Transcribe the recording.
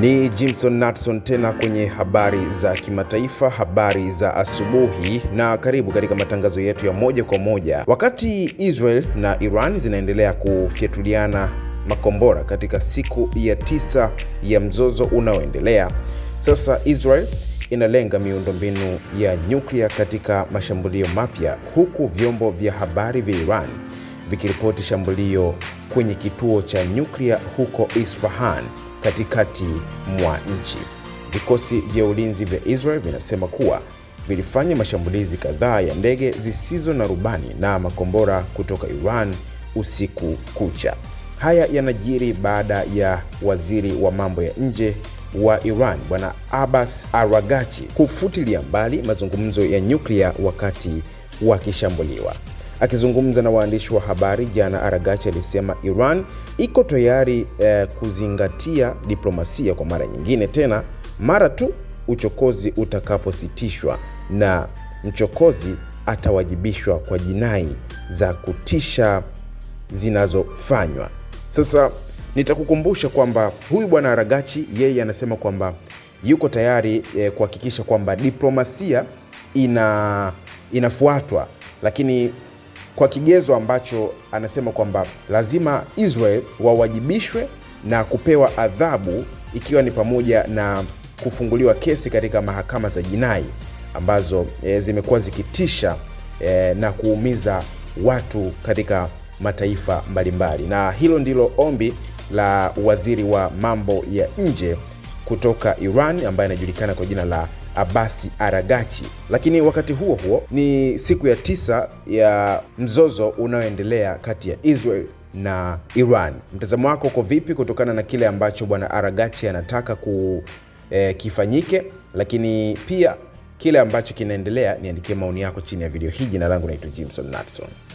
Ni Jimson Natson tena kwenye habari za kimataifa, habari za asubuhi, na karibu katika matangazo yetu ya moja kwa moja. Wakati Israel na Iran zinaendelea kufyatuliana makombora katika siku ya tisa ya mzozo unaoendelea sasa, Israel inalenga miundombinu ya nyuklia katika mashambulio mapya, huku vyombo vya habari vya Iran vikiripoti shambulio kwenye kituo cha nyuklia huko Isfahan katikati mwa nchi. Vikosi vya ulinzi vya Israel vinasema kuwa vilifanya mashambulizi kadhaa ya ndege zisizo na rubani na makombora kutoka Iran usiku kucha. Haya yanajiri baada ya waziri wa mambo ya nje wa Iran Bwana Abbas aragachi kufutilia mbali mazungumzo ya nyuklia wakati wakishambuliwa. Akizungumza na waandishi wa habari jana, Aragachi alisema Iran iko tayari eh, kuzingatia diplomasia kwa mara nyingine tena mara tu uchokozi utakapositishwa na mchokozi atawajibishwa kwa jinai za kutisha zinazofanywa. Sasa nitakukumbusha kwamba huyu bwana Aragachi yeye anasema kwamba yuko tayari eh, kuhakikisha kwamba diplomasia ina inafuatwa, lakini kwa kigezo ambacho anasema kwamba lazima Israel wawajibishwe na kupewa adhabu ikiwa ni pamoja na kufunguliwa kesi katika mahakama za jinai ambazo e, zimekuwa zikitisha e, na kuumiza watu katika mataifa mbalimbali, na hilo ndilo ombi la waziri wa mambo ya nje kutoka Iran ambaye anajulikana kwa jina la Abasi Aragachi. Lakini wakati huo huo ni siku ya tisa ya mzozo unaoendelea kati ya Israel na Iran. Mtazamo wako uko vipi kutokana na kile ambacho bwana Aragachi anataka kukifanyike e, eh, kifanyike, lakini pia kile ambacho kinaendelea? Niandikie maoni yako chini ya video hii. Jina langu naitwa Jimson Natson.